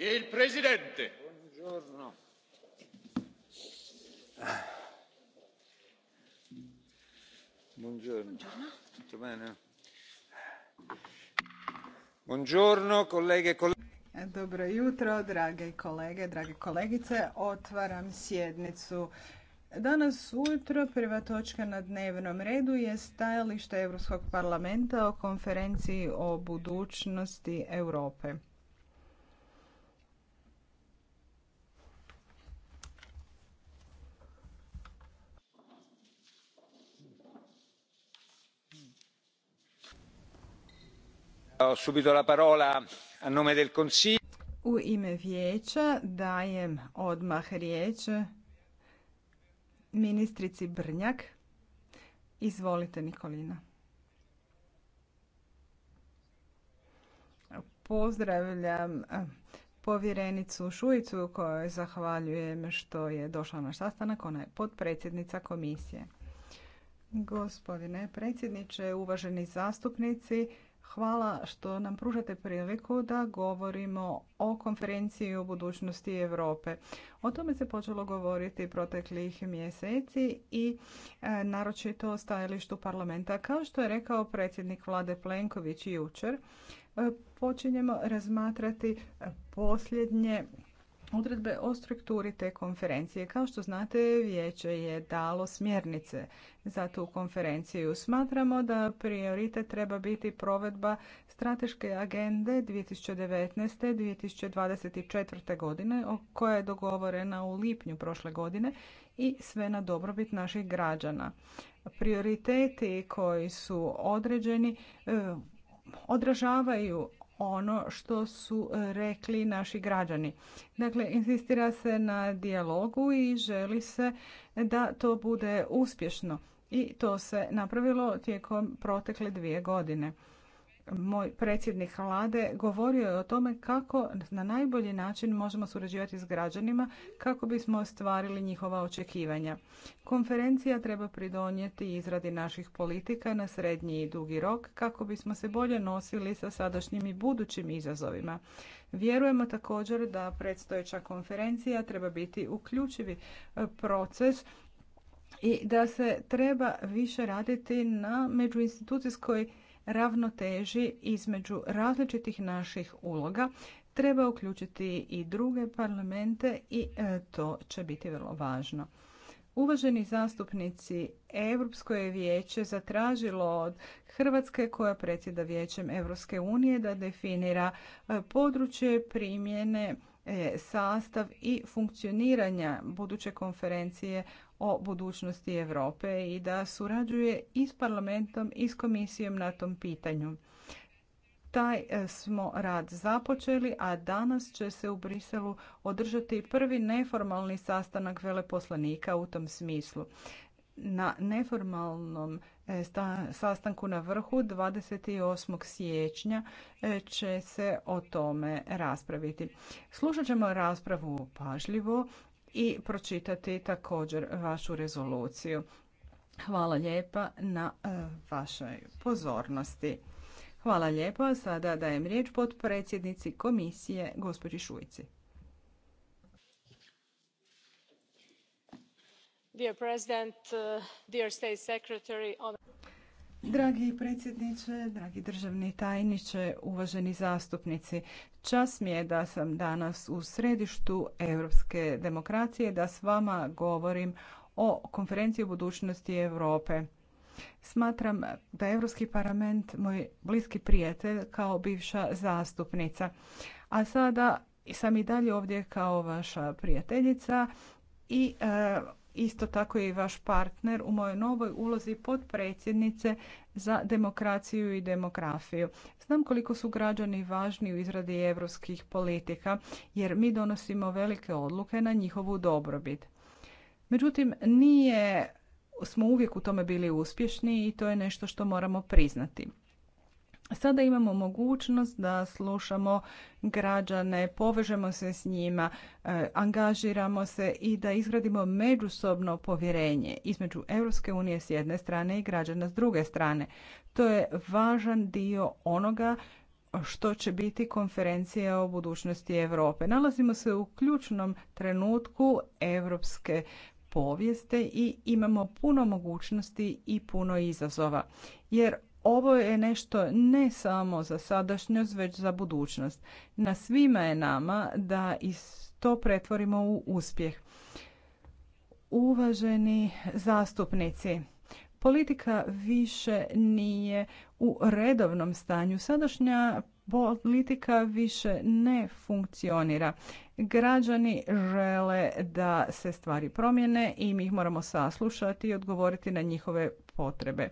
il presidente. E e, dobro jutro, drage kolege, drage kolegice. Otvaram sjednicu. Danas ujutro prva točka na dnevnom redu je stajalište Europskog parlamenta o konferenciji o budućnosti Europe. U ime vijeća dajem odmah riječ ministrici Brnjak. Izvolite Nikolina. Pozdravljam eh, povjerenicu Šuicu kojoj zahvaljujem što je došla na sastanak. Ona je potpredsjednica komisije. Gospodine predsjedniče, uvaženi zastupnici, Hvala što nam pružate priliku da govorimo o konferenciji o budućnosti Europe. O tome se počelo govoriti proteklih mjeseci i e, naročito o stajalištu parlamenta. Kao što je rekao predsjednik vlade Plenković jučer, e, počinjemo razmatrati posljednje odredbe o strukturi te konferencije. Kao što znate, vijeće je dalo smjernice za tu konferenciju. Smatramo da prioritet treba biti provedba strateške agende 2019. 2024. godine, koja je dogovorena u lipnju prošle godine i sve na dobrobit naših građana. Prioriteti koji su određeni eh, odražavaju ono što su e, rekli naši građani. Dakle, insistira se na dijalogu i želi se da to bude uspješno. I to se napravilo tijekom protekle dvije godine moj predsjednik vlade govorio je o tome kako na najbolji način možemo surađivati s građanima kako bismo ostvarili njihova očekivanja. Konferencija treba pridonijeti izradi naših politika na srednji i dugi rok kako bismo se bolje nosili sa sadašnjim i budućim izazovima. Vjerujemo također da predstojeća konferencija treba biti uključivi e, proces i da se treba više raditi na međuinstitucijskoj ravnoteži između različitih naših uloga treba uključiti i druge parlamente i e, to će biti vrlo važno. Uvaženi zastupnici, Europsko je vijeće zatražilo od Hrvatske koja predsjeda vijećem Europske unije da definira e, područje primjene e, sastav i funkcioniranja buduće konferencije o budućnosti Europe i da surađuje i s parlamentom i s komisijom na tom pitanju. Taj e, smo rad započeli, a danas će se u Briselu održati prvi neformalni sastanak veleposlanika u tom smislu. Na neformalnom e, sastanku na vrhu 28. siječnja e, će se o tome raspraviti. Slušat ćemo raspravu pažljivo i pročitati također vašu rezoluciju. Hvala lijepa na e, vašoj pozornosti. Hvala lijepa. Sada dajem riječ pod predsjednici komisije, gospođi Šujci. Dear President, uh, dear State Secretary, Dragi predsjedniče, dragi državni tajniče, uvaženi zastupnici, čas mi je da sam danas u središtu europske demokracije, da s vama govorim o konferenciji o budućnosti Europe. Smatram da je Europski parlament moj bliski prijatelj kao bivša zastupnica. A sada sam i dalje ovdje kao vaša prijateljica i e, isto tako i vaš partner u mojoj novoj ulozi potpredsjednice za demokraciju i demografiju. Znam koliko su građani važni u izradi europskih politika jer mi donosimo velike odluke na njihovu dobrobit. Međutim, nije smo uvijek u tome bili uspješni i to je nešto što moramo priznati. Sada imamo mogućnost da slušamo građane, povežemo se s njima, e, angažiramo se i da izgradimo međusobno povjerenje između Europske unije s jedne strane i građana s druge strane. To je važan dio onoga što će biti konferencija o budućnosti Europe. Nalazimo se u ključnom trenutku europske povijeste i imamo puno mogućnosti i puno izazova. Jer ovo je nešto ne samo za sadašnjost, već za budućnost. Na svima je nama da to pretvorimo u uspjeh. Uvaženi zastupnici, politika više nije u redovnom stanju. Sadašnja politika više ne funkcionira. Građani žele da se stvari promjene i mi ih moramo saslušati i odgovoriti na njihove potrebe.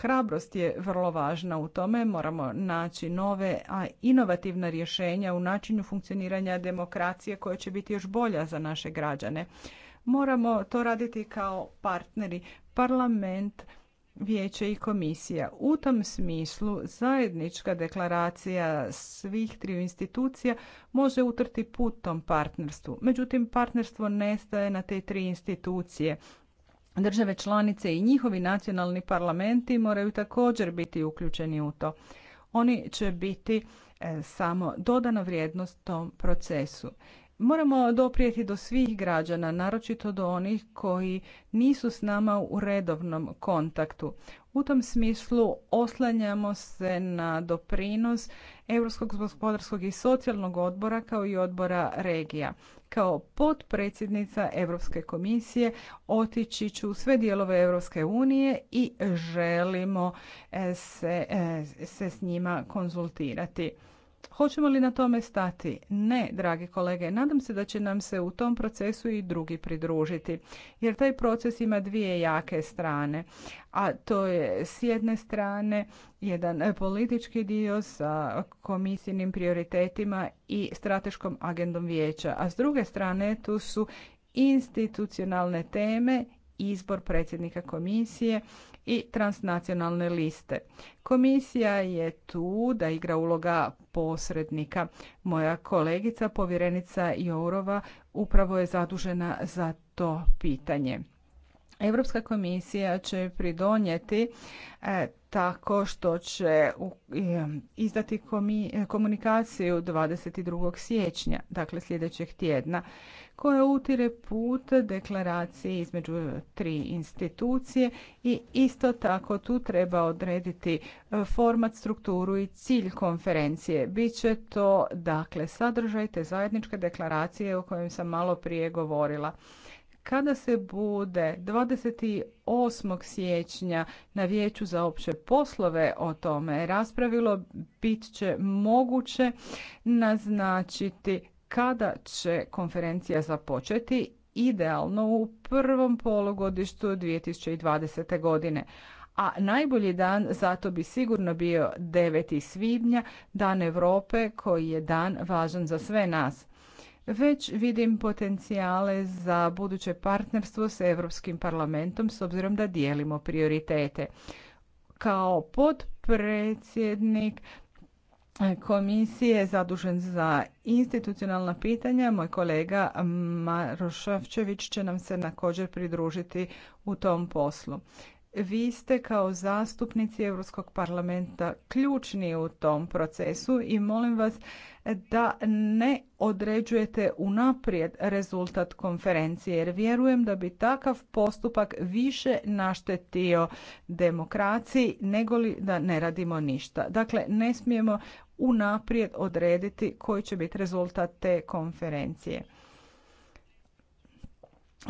Hrabrost je vrlo važna u tome, moramo naći nove, a inovativna rješenja u načinu funkcioniranja demokracije koja će biti još bolja za naše građane. Moramo to raditi kao partneri, parlament, vijeće i komisija. U tom smislu zajednička deklaracija svih triju institucija može utrti put tom partnerstvu. Međutim, partnerstvo nestaje na te tri institucije – Države članice i njihovi nacionalni parlamenti moraju također biti uključeni u to. Oni će biti e, samo dodana vrijednost tom procesu. Moramo doprijeti do svih građana, naročito do onih koji nisu s nama u redovnom kontaktu. U tom smislu oslanjamo se na doprinos Europskog gospodarskog i socijalnog odbora kao i odbora regija. Kao potpredsjednica Europske komisije otići ću u sve dijelove Europske unije i želimo e, se, e, se s njima konzultirati. Hoćemo li na tome stati? Ne, dragi kolege. Nadam se da će nam se u tom procesu i drugi pridružiti. Jer taj proces ima dvije jake strane. A to je s jedne strane jedan politički dio sa komisijnim prioritetima i strateškom agendom vijeća. A s druge strane tu su institucionalne teme izbor predsjednika komisije i transnacionalne liste. Komisija je tu da igra uloga posrednika. Moja kolegica povjerenica Jourova upravo je zadužena za to pitanje. Europska komisija će pridonijeti e, tako što će izdati komunikaciju 22. siječnja, dakle sljedećeg tjedna, koja utire put deklaracije između tri institucije i isto tako tu treba odrediti e, format, strukturu i cilj konferencije. Biće to dakle sadržaj te zajedničke deklaracije o kojem sam malo prije govorila. Kada se bude 28. siječnja na Vijeću za opće poslove o tome raspravilo, bit će moguće naznačiti kada će konferencija započeti idealno u prvom polugodištu 2020. godine. A najbolji dan zato bi sigurno bio 9. svibnja, Dan Europe koji je dan važan za sve nas već vidim potencijale za buduće partnerstvo s Europskim parlamentom s obzirom da dijelimo prioritete. Kao potpredsjednik komisije zadužen za institucionalna pitanja, moj kolega Maroševčević će nam se također pridružiti u tom poslu vi ste kao zastupnici Europskog parlamenta ključni u tom procesu i molim vas da ne određujete unaprijed rezultat konferencije jer vjerujem da bi takav postupak više naštetio demokraciji nego li da ne radimo ništa. Dakle, ne smijemo unaprijed odrediti koji će biti rezultat te konferencije.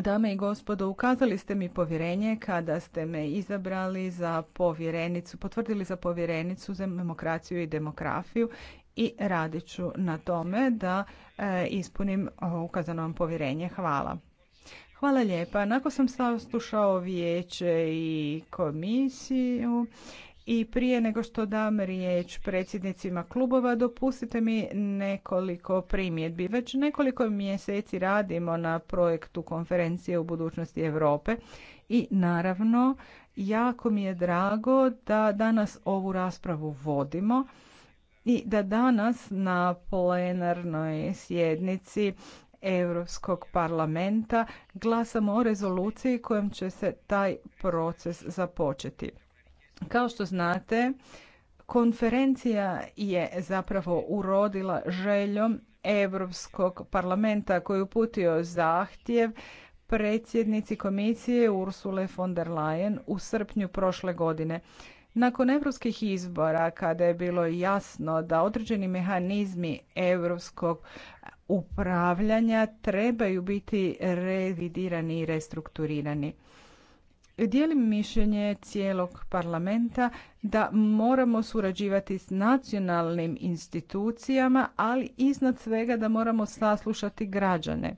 Dame i gospodo, ukazali ste mi povjerenje kada ste me izabrali za povjerenicu, potvrdili za povjerenicu za demokraciju i demografiju i radit ću na tome da e, ispunim ukazano vam povjerenje. Hvala. Hvala lijepa. Nakon sam saslušao vijeće i komisiju i prije nego što dam riječ predsjednicima klubova, dopustite mi nekoliko primjedbi. Već nekoliko mjeseci radimo na projektu konferencije u budućnosti Europe i naravno jako mi je drago da danas ovu raspravu vodimo i da danas na plenarnoj sjednici Europskog parlamenta glasamo o rezoluciji kojom će se taj proces započeti. Kao što znate, konferencija je zapravo urodila željom Europskog parlamenta koji je uputio zahtjev predsjednici komisije Ursule von der Leyen u srpnju prošle godine. Nakon europskih izbora, kada je bilo jasno da određeni mehanizmi europskog upravljanja trebaju biti revidirani i restrukturirani. Dijelim mišljenje cijelog parlamenta da moramo surađivati s nacionalnim institucijama, ali iznad svega da moramo saslušati građane.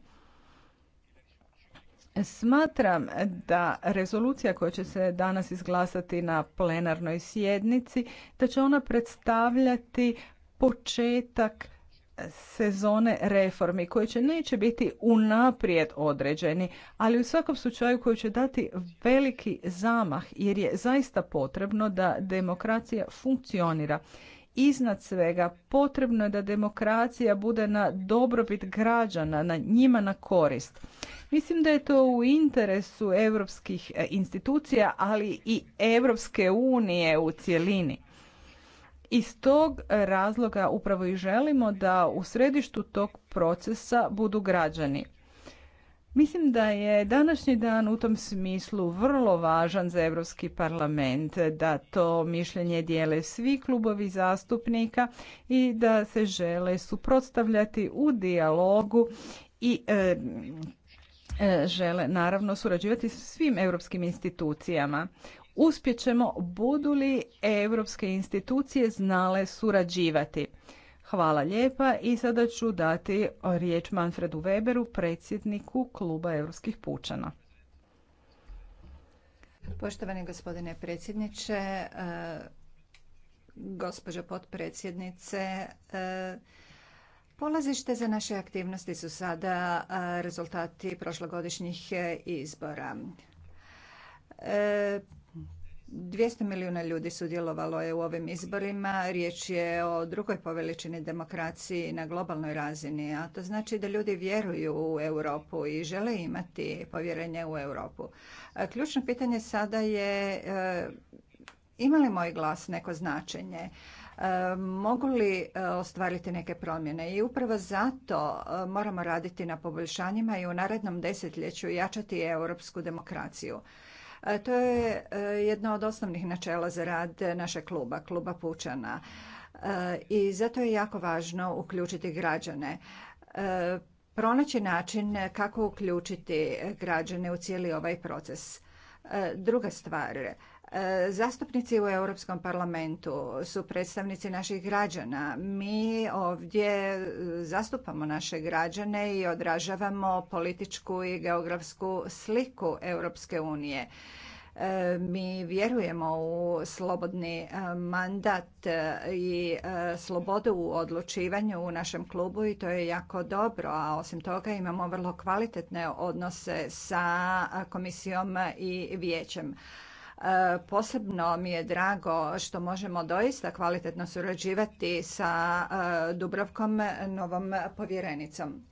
Smatram da rezolucija koja će se danas izglasati na plenarnoj sjednici, da će ona predstavljati početak sezone reformi koje će neće biti unaprijed određeni, ali u svakom slučaju koji će dati veliki zamah jer je zaista potrebno da demokracija funkcionira. Iznad svega potrebno je da demokracija bude na dobrobit građana, na njima na korist. Mislim da je to u interesu europskih eh, institucija, ali i Evropske unije u cjelini. Iz tog razloga upravo i želimo da u središtu tog procesa budu građani. Mislim da je današnji dan u tom smislu vrlo važan za Europski parlament, da to mišljenje dijele svi klubovi zastupnika i da se žele suprotstavljati u dijalogu i e, e, žele naravno surađivati s svim europskim institucijama. Uspjet ćemo budu li europske institucije znale surađivati. Hvala lijepa i sada ću dati riječ Manfredu Weberu, predsjedniku Kluba europskih pučana. Poštovani gospodine predsjedniče, e, gospođo potpredsjednice, e, Polazište za naše aktivnosti su sada e, rezultati prošlogodišnjih izbora. 200 milijuna ljudi sudjelovalo je u ovim izborima. Riječ je o drugoj poveličini demokraciji na globalnoj razini, a to znači da ljudi vjeruju u Europu i žele imati povjerenje u Europu. Ključno pitanje sada je e, ima li moj glas neko značenje? E, mogu li e, ostvariti neke promjene i upravo zato moramo raditi na poboljšanjima i u narednom desetljeću jačati europsku demokraciju. To je e, jedno od osnovnih načela za rad našeg kluba, kluba Pučana. E, I zato je jako važno uključiti građane e, pronaći način kako uključiti građane u cijeli ovaj proces. Druga stvar, Zastupnici u Europskom parlamentu su predstavnici naših građana. Mi ovdje zastupamo naše građane i odražavamo političku i geografsku sliku Europske unije. E, mi vjerujemo u slobodni e, mandat i e, slobodu u odlučivanju u našem klubu i to je jako dobro, a osim toga imamo vrlo kvalitetne odnose sa komisijom i vijećem. E, posebno mi je drago što možemo doista kvalitetno surađivati sa e, Dubrovkom, novom povjerenicom.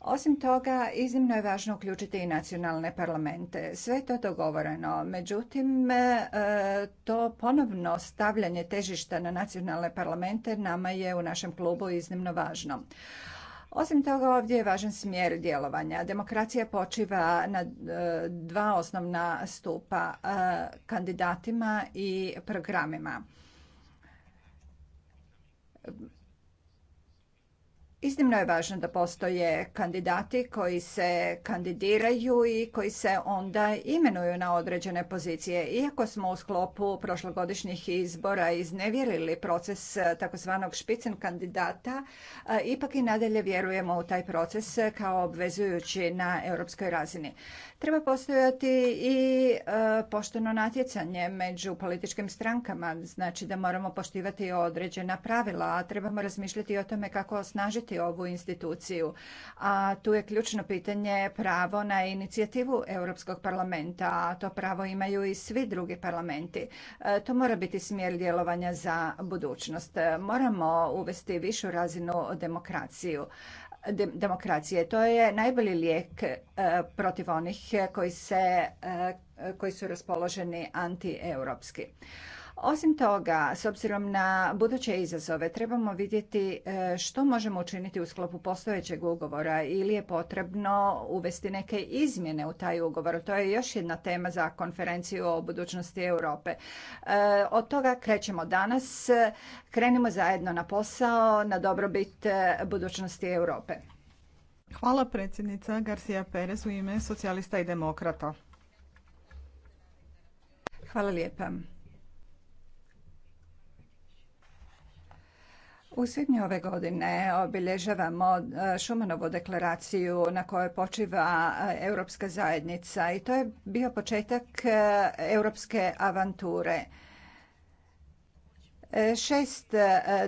Osim toga, iznimno je važno uključiti i nacionalne parlamente. Sve je to dogovoreno. Međutim, e, to ponovno stavljanje težišta na nacionalne parlamente nama je u našem klubu iznimno važno. Osim toga ovdje je važan smjer djelovanja. Demokracija počiva na e, dva osnovna stupa, e, kandidatima i programima. Iznimno je važno da postoje kandidati koji se kandidiraju i koji se onda imenuju na određene pozicije. Iako smo u sklopu prošlogodišnjih izbora iznevjerili proces eh, takozvanog špicen kandidata, eh, ipak i nadalje vjerujemo u taj proces eh, kao obvezujući na europskoj razini. Treba postojati i pošteno natjecanje među političkim strankama, znači da moramo poštivati određena pravila, a trebamo razmišljati o tome kako osnažiti ovu instituciju. A tu je ključno pitanje pravo na inicijativu Europskog parlamenta, a to pravo imaju i svi drugi parlamenti. E, to mora biti smjer djelovanja za budućnost. Moramo uvesti višu razinu demokraciju demokracije. To je najbolji lijek e, protiv onih koji, se, e, koji su raspoloženi antieuropski. Osim toga, s obzirom na buduće izazove, trebamo vidjeti e, što možemo učiniti u sklopu postojećeg ugovora ili je potrebno uvesti neke izmjene u taj ugovor. To je još jedna tema za konferenciju o budućnosti Europe. E, od toga krećemo danas, krenimo zajedno na posao, na dobrobit e, budućnosti Europe. Hvala predsjednica Garcia Perez u ime socijalista i demokrata. Hvala lijepa. U svibnju ove godine obilježavamo e, Šumanovu deklaraciju na kojoj počiva e, Europska zajednica i to je bio početak e, europske avanture. Šest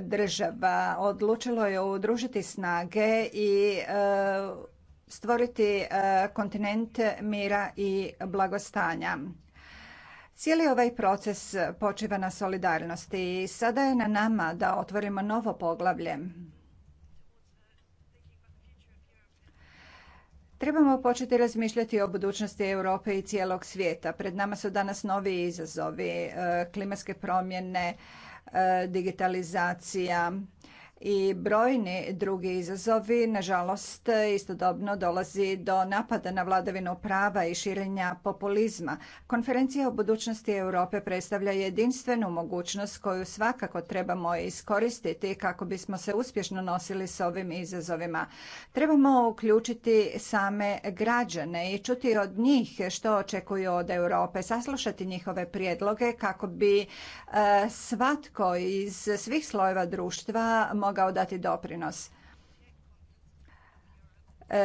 država odlučilo je udružiti snage i stvoriti kontinent mira i blagostanja. Cijeli ovaj proces počiva na solidarnosti i sada je na nama da otvorimo novo poglavlje. Trebamo početi razmišljati o budućnosti Europe i cijelog svijeta. Pred nama su danas novi izazovi, e, klimatske promjene, e, digitalizacija, i brojni drugi izazovi, nažalost, istodobno dolazi do napada na vladavinu prava i širenja populizma. Konferencija o budućnosti Europe predstavlja jedinstvenu mogućnost koju svakako trebamo iskoristiti kako bismo se uspješno nosili s ovim izazovima. Trebamo uključiti same građane i čuti od njih što očekuju od Europe, saslušati njihove prijedloge kako bi e, svatko iz svih slojeva društva mogao dati doprinos. E,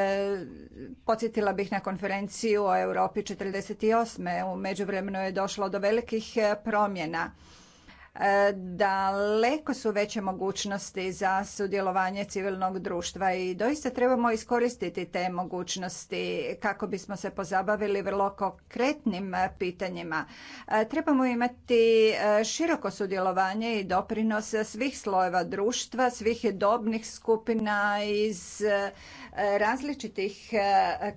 podsjetila bih na konferenciju o Europi 48. U međuvremenu je došlo do velikih e, promjena E, daleko su veće mogućnosti za sudjelovanje civilnog društva i doista trebamo iskoristiti te mogućnosti kako bismo se pozabavili vrlo konkretnim e, pitanjima. E, trebamo imati široko sudjelovanje i doprinos svih slojeva društva, svih dobnih skupina iz različitih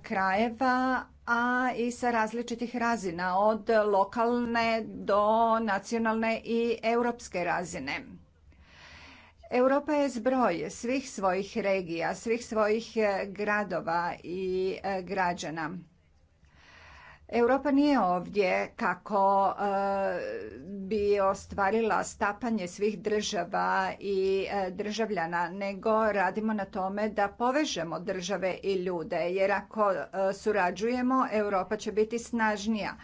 krajeva, a i sa različitih razina, od lokalne do nacionalne i europske razine. Europa je zbroj svih svojih regija, svih svojih eh, gradova i eh, građana. Europa nije ovdje kako e, bi ostvarila stapanje svih država i e, državljana, nego radimo na tome da povežemo države i ljude, jer ako e, surađujemo, Europa će biti snažnija.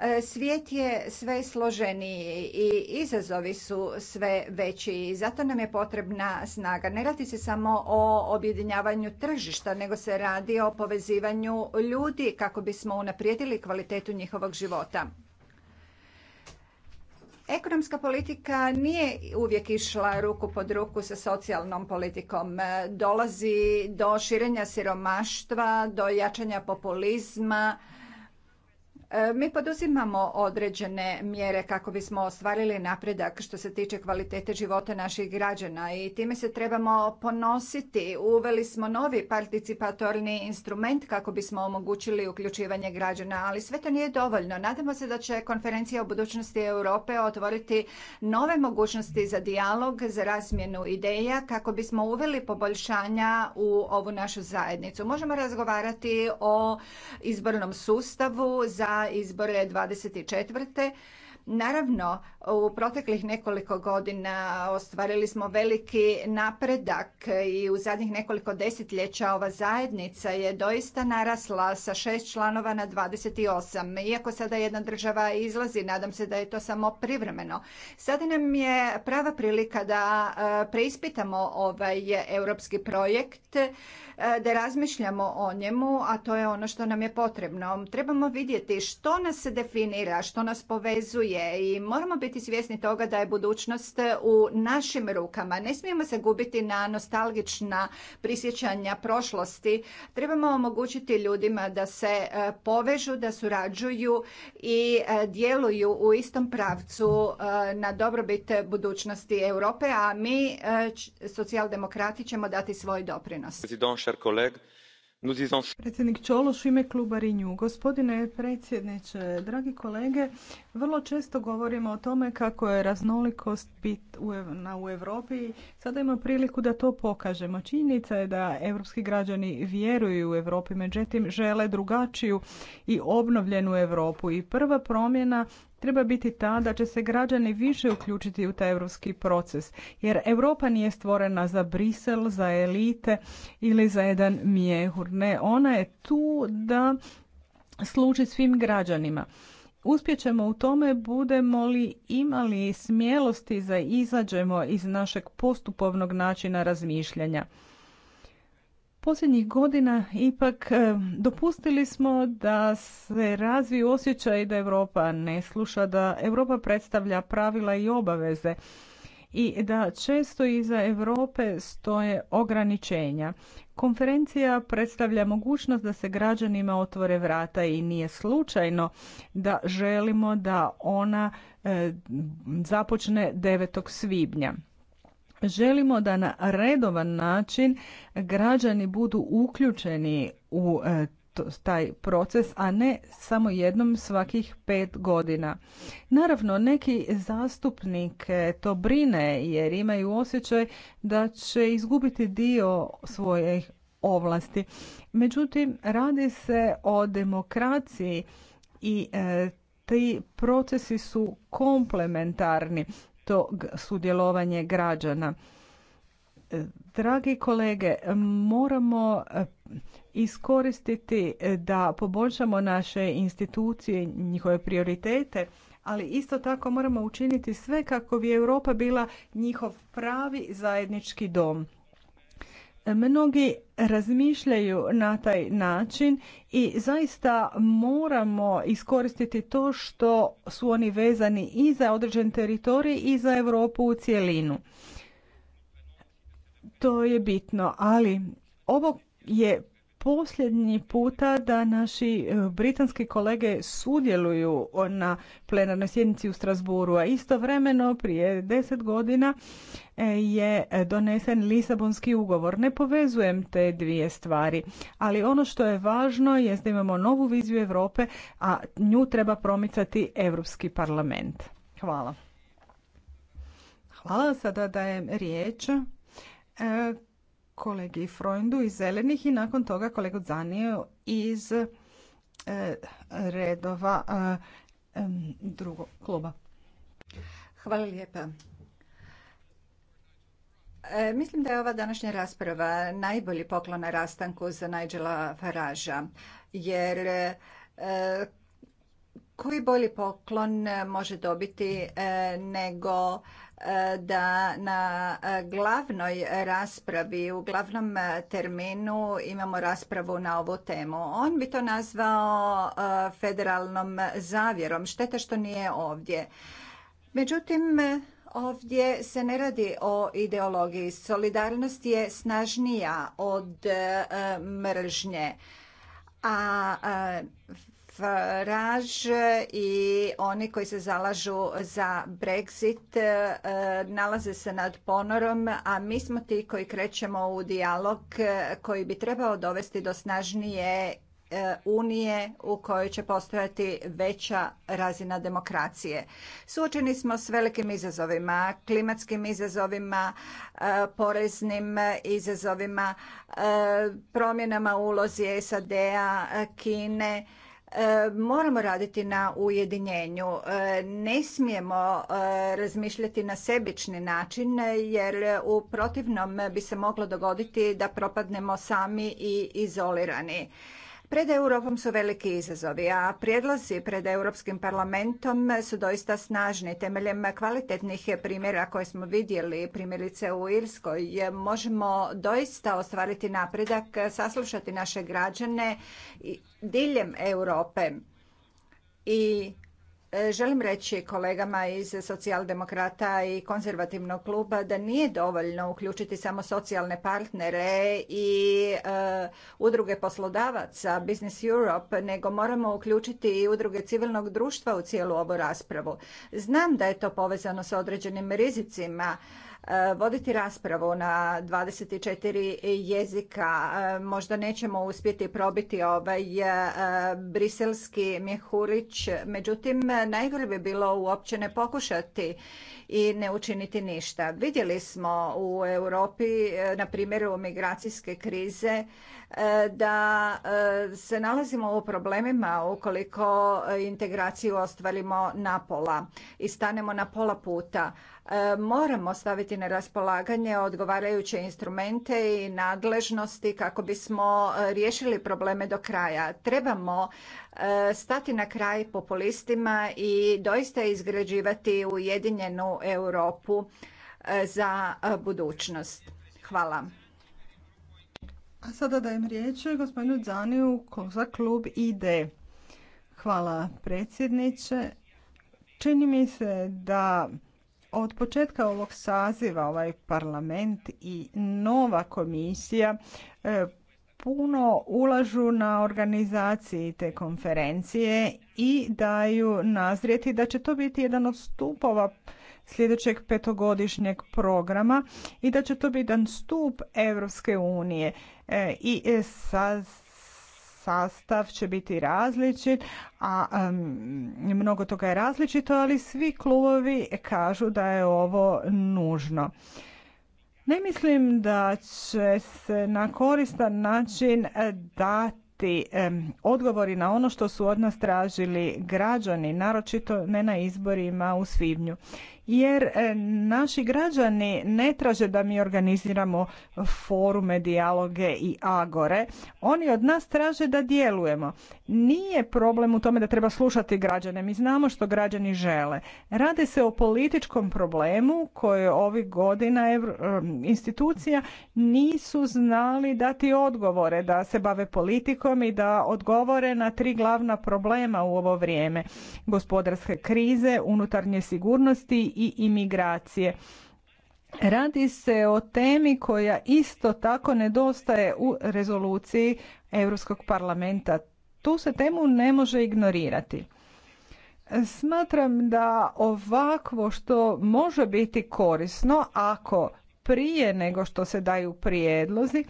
E, svijet je sve složeniji i izazovi su sve veći i zato nam je potrebna snaga. Ne radi se samo o objedinjavanju tržišta, nego se radi o povezivanju ljudi kako bismo unaprijedili kvalitetu njihovog života. Ekonomska politika nije uvijek išla ruku pod ruku sa socijalnom politikom. E, dolazi do širenja siromaštva, do jačanja populizma, E, mi poduzimamo određene mjere kako bismo ostvarili napredak što se tiče kvalitete života naših građana i time se trebamo ponositi. Uveli smo novi participatorni instrument kako bismo omogućili uključivanje građana, ali sve to nije dovoljno. Nadamo se da će konferencija o budućnosti Europe otvoriti nove mogućnosti za dijalog, za razmjenu ideja kako bismo uveli poboljšanja u ovu našu zajednicu. Možemo razgovarati o izbornom sustavu za izbore 24. Naravno, u proteklih nekoliko godina ostvarili smo veliki napredak i u zadnjih nekoliko desetljeća ova zajednica je doista narasla sa šest članova na 28. Iako sada jedna država izlazi, nadam se da je to samo privremeno. Sada nam je prava prilika da e, preispitamo ovaj europski projekt, e, da razmišljamo o njemu, a to je ono što nam je potrebno. Trebamo vidjeti što nas definira, što nas povezuje, i moramo biti svjesni toga da je budućnost u našim rukama. Ne smijemo se gubiti na nostalgična prisjećanja prošlosti. Trebamo omogućiti ljudima da se e, povežu, da surađuju i e, djeluju u istom pravcu e, na dobrobit budućnosti Europe, a mi socijaldemokrati ćemo dati svoj doprinos. Predsjednik Čološ u ime kluba Rinju. Gospodine predsjedniče, dragi kolege, vrlo često govorimo o tome kako je raznolikost bit u Europi. Sada imamo priliku da to pokažemo. Činjenica je da europski građani vjeruju u Europi, međutim žele drugačiju i obnovljenu Europu. I prva promjena treba biti ta da će se građani više uključiti u taj europski proces. Jer Europa nije stvorena za Brisel, za elite ili za jedan mjehur. Ne, ona je tu da služi svim građanima. Uspjećemo u tome budemo li imali smjelosti za izađemo iz našeg postupovnog načina razmišljanja. Posljednjih godina ipak e, dopustili smo da se razviju osjećaj da Europa ne sluša, da Europa predstavlja pravila i obaveze i da često iza Europe stoje ograničenja. Konferencija predstavlja mogućnost da se građanima otvore vrata i nije slučajno da želimo da ona e, započne 9. svibnja. Želimo da na redovan način građani budu uključeni u e, taj proces, a ne samo jednom svakih pet godina. Naravno, neki zastupnik to brine jer imaju osjećaj da će izgubiti dio svojih ovlasti. Međutim, radi se o demokraciji i e, ti procesi su komplementarni tog sudjelovanje građana. E, dragi kolege, moramo e, iskoristiti e, da poboljšamo naše institucije, njihove prioritete, ali isto tako moramo učiniti sve kako bi Europa bila njihov pravi zajednički dom. Mnogi razmišljaju na taj način i zaista moramo iskoristiti to što su oni vezani i za određen teritorij i za Europu u cjelinu. To je bitno, ali ovo je posljednji puta da naši e, britanski kolege sudjeluju na plenarnoj sjednici u Strasburu, a istovremeno prije deset godina e, je donesen Lisabonski ugovor. Ne povezujem te dvije stvari, ali ono što je važno je da imamo novu viziju Europe, a nju treba promicati Europski parlament. Hvala. Hvala, sada dajem riječ e, kolegi Freundu iz Zelenih i nakon toga kolegu Zaniju iz e, redova e, drugog kluba. Hvala lijepa. E, mislim da je ova današnja rasprava najbolji poklon na rastanku za Nigela Faraža, jer koji bolji poklon može dobiti nego da na e, glavnoj raspravi, u glavnom e, terminu imamo raspravu na ovu temu. On bi to nazvao e, federalnom zavjerom. Šteta što nije ovdje. Međutim, ovdje se ne radi o ideologiji. Solidarnost je snažnija od mržnje. A Farage i oni koji se zalažu za Brexit e, nalaze se nad ponorom, a mi smo ti koji krećemo u dijalog e, koji bi trebao dovesti do snažnije e, unije u kojoj će postojati veća razina demokracije. Suočeni smo s velikim izazovima, klimatskim izazovima, poreznim izazovima, promjenama ulozi SAD-a, Kine, E, moramo raditi na ujedinjenju. E, ne smijemo e, razmišljati na sebični način jer u protivnom bi se moglo dogoditi da propadnemo sami i izolirani. Pred Europom su veliki izazovi, a prijedlozi pred Europskim parlamentom su doista snažni. Temeljem kvalitetnih primjera koje smo vidjeli, primjerice u Irskoj, možemo doista ostvariti napredak, saslušati naše građane diljem Europe i E, želim reći kolegama iz socijaldemokrata i konzervativnog kluba da nije dovoljno uključiti samo socijalne partnere i e, udruge poslodavaca, Business Europe, nego moramo uključiti i udruge civilnog društva u cijelu ovu raspravu. Znam da je to povezano sa određenim rizicima, E, voditi raspravu na 24 jezika. E, možda nećemo uspjeti probiti ovaj e, briselski mjehurić, međutim najgore bi bilo uopće ne pokušati i ne učiniti ništa. Vidjeli smo u Europi na primjeru migracijske krize da se nalazimo u problemima ukoliko integraciju ostvarimo na pola i stanemo na pola puta E, moramo staviti na raspolaganje odgovarajuće instrumente i nadležnosti kako bismo e, riješili probleme do kraja. Trebamo e, stati na kraj populistima i doista izgrađivati ujedinjenu Europu za budućnost. Hvala. A sada dajem riječ gospodinu Dzaniju za klub ID. Hvala predsjedniče. Čini mi se da od početka ovog saziva ovaj parlament i nova komisija e, puno ulažu na organizaciji te konferencije i daju nazrijeti da će to biti jedan od stupova sljedećeg petogodišnjeg programa i da će to biti jedan stup Europske unije e, i e, sa sastav će biti različit, a mnogo toga je različito, ali svi klubovi kažu da je ovo nužno. Ne mislim da će se na koristan način dati odgovori na ono što su od nas tražili građani, naročito ne na izborima u svibnju jer e, naši građani ne traže da mi organiziramo forume, dijaloge i agore. Oni od nas traže da djelujemo. Nije problem u tome da treba slušati građane. Mi znamo što građani žele. Radi se o političkom problemu koje ovih godina e, institucija nisu znali dati odgovore, da se bave politikom i da odgovore na tri glavna problema u ovo vrijeme. Gospodarske krize, unutarnje sigurnosti i imigracije. Radi se o temi koja isto tako nedostaje u rezoluciji Europskog parlamenta. Tu se temu ne može ignorirati. Smatram da ovakvo što može biti korisno ako prije nego što se daju prijedlozi,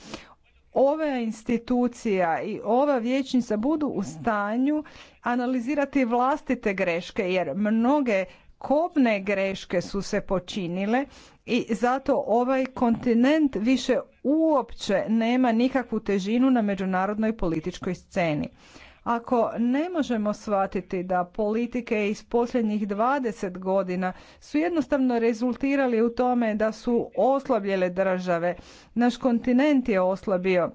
ova institucija i ova vijećnica budu u stanju analizirati vlastite greške jer mnoge kobne greške su se počinile i zato ovaj kontinent više uopće nema nikakvu težinu na međunarodnoj političkoj sceni. Ako ne možemo shvatiti da politike iz posljednjih 20 godina su jednostavno rezultirali u tome da su oslabljele države, naš kontinent je oslabio,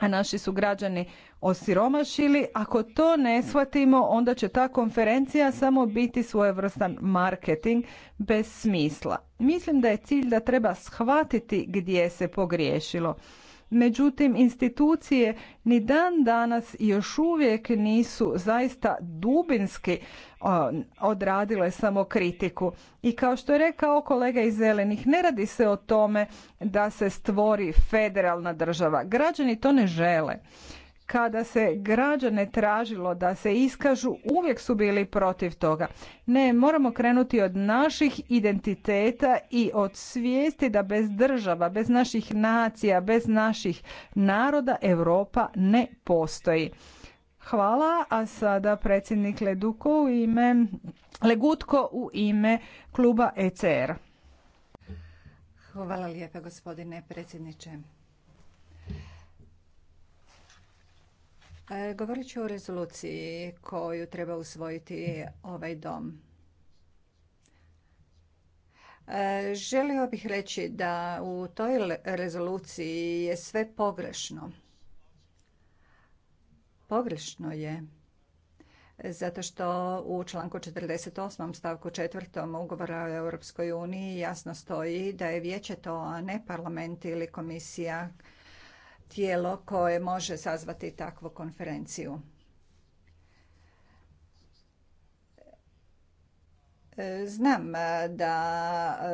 a naši su građani osiromašili. Ako to ne shvatimo, onda će ta konferencija samo biti svojevrstan marketing bez smisla. Mislim da je cilj da treba shvatiti gdje se pogriješilo. Međutim, institucije ni dan danas još uvijek nisu zaista dubinski odradile samo kritiku. I kao što je rekao kolega iz Zelenih, ne radi se o tome da se stvori federalna država. Građani to ne žele kada se građane tražilo da se iskažu, uvijek su bili protiv toga. Ne, moramo krenuti od naših identiteta i od svijesti da bez država, bez naših nacija, bez naših naroda Europa ne postoji. Hvala, a sada predsjednik Leduko u ime, Legutko u ime kluba ECR. Hvala lijepa gospodine predsjedniče. E, govorit ću o rezoluciji koju treba usvojiti ovaj dom. E, želio bih reći da u toj rezoluciji je sve pogrešno. Pogrešno je zato što u članku 48. stavku 4. ugovora o Europskoj uniji jasno stoji da je vijeće to, a ne parlament ili komisija tijelo koje može sazvati takvu konferenciju. E, znam e, da e,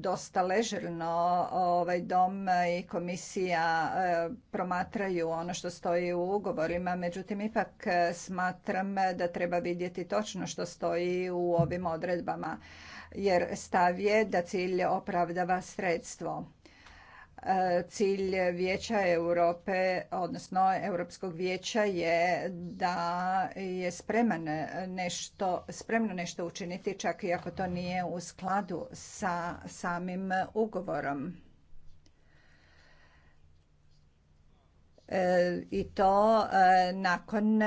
dosta ležerno ovaj dom i komisija promatraju ono što stoji u ugovorima, međutim ipak smatram da treba vidjeti točno što stoji u ovim odredbama, jer stav je da cilj opravdava sredstvo. Cilj Vijeća Europe, odnosno Europskog vijeća je da je spreman nešto, spremno nešto učiniti čak i ako to nije u skladu sa samim ugovorom. E, I to e, nakon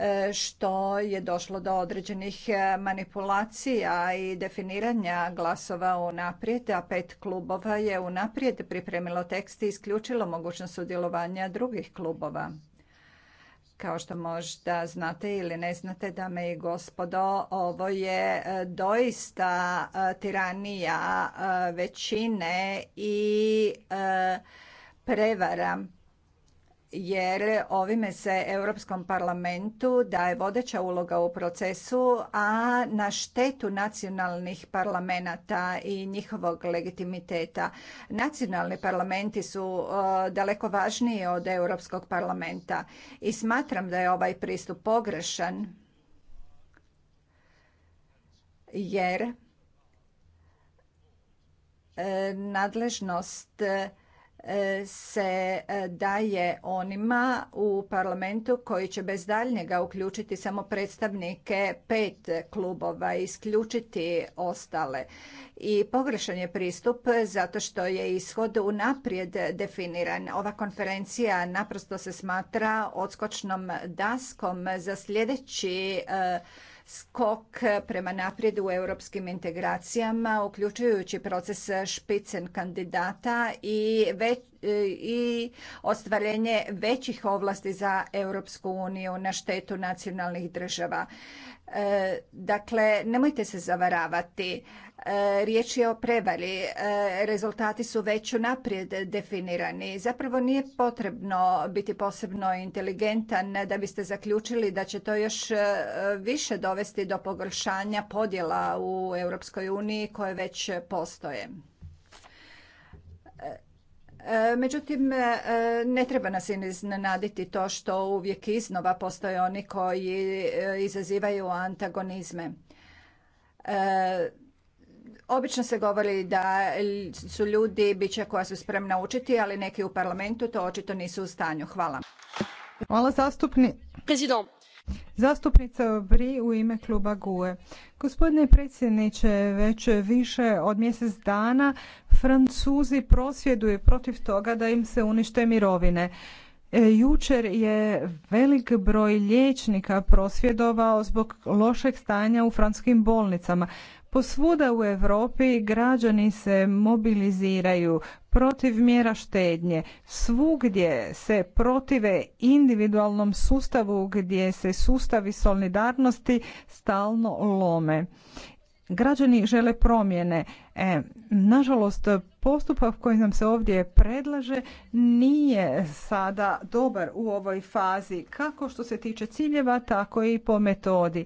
E, što je došlo do određenih e, manipulacija i definiranja glasova u naprijed, a pet klubova je u naprijed pripremilo tekst i isključilo mogućnost sudjelovanja drugih klubova. Kao što možda znate ili ne znate, dame i gospodo, ovo je e, doista tiranija većine i prevara jer ovime se Europskom parlamentu daje vodeća uloga u procesu, a na štetu nacionalnih parlamenta i njihovog legitimiteta. Nacionalni parlamenti su e, daleko važniji od Europskog parlamenta i smatram da je ovaj pristup pogrešan jer e, nadležnost se e, daje onima u parlamentu koji će bez daljnjega uključiti samo predstavnike pet klubova, isključiti ostale. I pogrešan je pristup zato što je ishod unaprijed definiran. Ova konferencija naprosto se smatra odskočnom daskom za sljedeći e, skok prema naprijed u europskim integracijama, uključujući proces špicen kandidata i, e, i ostvarenje većih ovlasti za Europsku uniju na štetu nacionalnih država. E, dakle, nemojte se zavaravati. E, riječ je o prevari. E, rezultati su već unaprijed definirani. Zapravo nije potrebno biti posebno inteligentan da biste zaključili da će to još e, više dovesti do pogoršanja podjela u Europskoj uniji koje već postoje. Međutim, ne treba nas iznenaditi to što uvijek iznova postoje oni koji izazivaju antagonizme. Obično se govori da su ljudi biće koja su spremna učiti, ali neki u parlamentu to očito nisu u stanju. Hvala. Hvala zastupni. Prezident. Zastupnica Bri u ime kluba GUE. Gospodine predsjedniče, već više od mjesec dana Francuzi prosvjeduju protiv toga da im se unište mirovine. E, jučer je velik broj liječnika prosvjedovao zbog lošeg stanja u francuskim bolnicama. Posvuda u Europi građani se mobiliziraju protiv mjera štednje. Svugdje se protive individualnom sustavu gdje se sustavi solidarnosti stalno lome. Građani žele promjene E, nažalost, postupak koji nam se ovdje predlaže nije sada dobar u ovoj fazi, kako što se tiče ciljeva, tako i po metodi.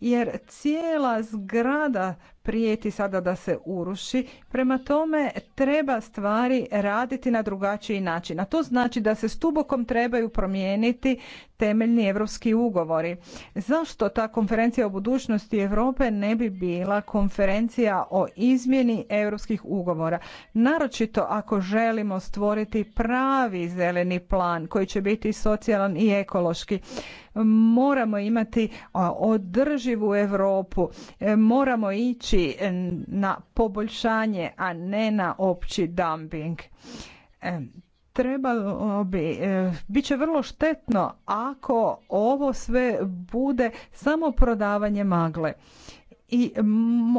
Jer cijela zgrada prijeti sada da se uruši, prema tome treba stvari raditi na drugačiji način. A to znači da se s tubokom trebaju promijeniti temeljni evropski ugovori. Zašto ta konferencija o budućnosti Europe ne bi bila konferencija o izmjeni razini europskih ugovora. Naročito ako želimo stvoriti pravi zeleni plan koji će biti socijalan i ekološki. Moramo imati održivu Europu, e, moramo ići e, na poboljšanje, a ne na opći dumping e, trebalo bi, bit će vrlo štetno ako ovo sve bude samo prodavanje magle i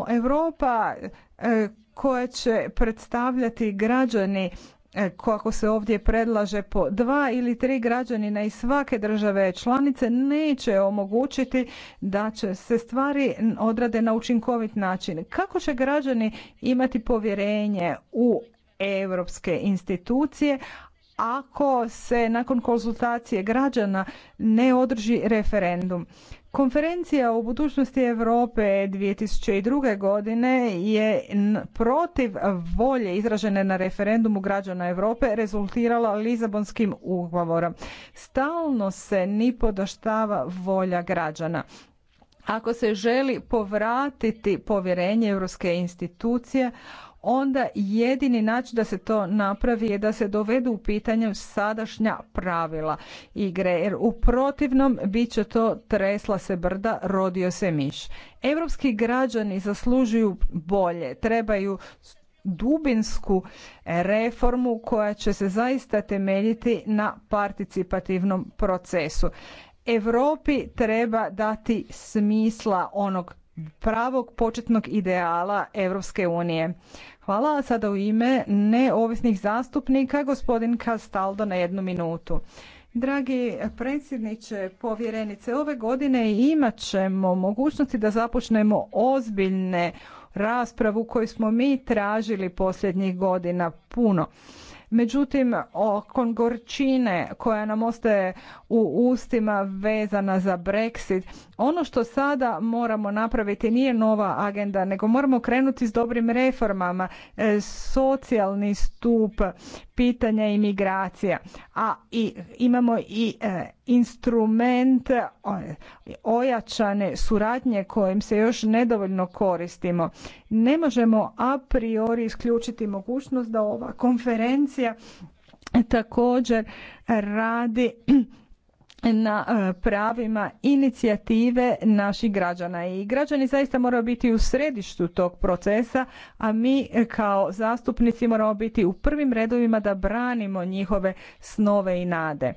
Europa e, koja će predstavljati građani e, kako se ovdje predlaže po dva ili tri građanina iz svake države članice neće omogućiti da će se stvari odrade na učinkovit način. Kako će građani imati povjerenje u europske institucije ako se nakon konzultacije građana ne održi referendum? Konferencija o budućnosti Europe 2002. godine je protiv volje izražene na referendumu građana Europe rezultirala Lizabonskim ugovorom. Stalno se nipodaštava volja građana. Ako se želi povratiti povjerenje europske institucije, onda jedini način da se to napravi je da se dovedu u pitanje sadašnja pravila igre jer u protivnom bit će to tresla se brda, rodio se miš. Europski građani zaslužuju bolje, trebaju dubinsku reformu koja će se zaista temeljiti na participativnom procesu. Europi treba dati smisla onog pravog početnog ideala Europske unije. Hvala, sada u ime neovisnih zastupnika gospodin Castaldo na jednu minutu. Dragi predsjedniče, povjerenice, ove godine imat ćemo mogućnosti da započnemo ozbiljne raspravu koju smo mi tražili posljednjih godina puno. Međutim, okon gorčine koja nam ostaje u ustima vezana za Brexit, ono što sada moramo napraviti nije nova agenda, nego moramo krenuti s dobrim reformama, e, socijalni stup, pitanja imigracija, a i imamo i e, instrument e, ojačane suradnje kojim se još nedovoljno koristimo. Ne možemo a priori isključiti mogućnost da ova konferencija također radi na e, pravima inicijative naših građana i građani zaista moraju biti u središtu tog procesa, a mi e, kao zastupnici moramo biti u prvim redovima da branimo njihove snove i nade.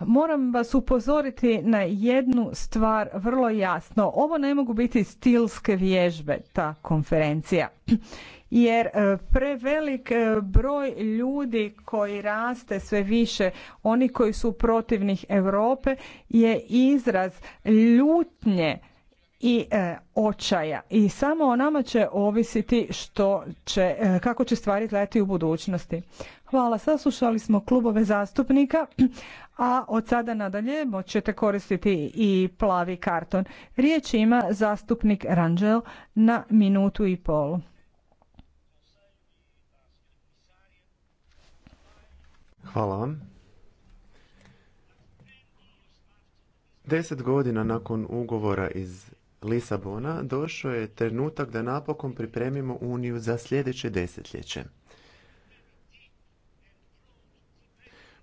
Moram vas upozoriti na jednu stvar vrlo jasno. Ovo ne mogu biti stilske vježbe, ta konferencija jer e, prevelik e, broj ljudi koji raste sve više, oni koji su protivnih Europe je izraz ljutnje i e, očaja i samo o nama će ovisiti što će, kako će stvari gledati u budućnosti. Hvala, saslušali smo klubove zastupnika, a od sada nadalje ćete koristiti i plavi karton. Riječ ima zastupnik Ranđel na minutu i polu. Hvala vam. Deset godina nakon ugovora iz Lisabona došao je trenutak da napokon pripremimo Uniju za sljedeće desetljeće.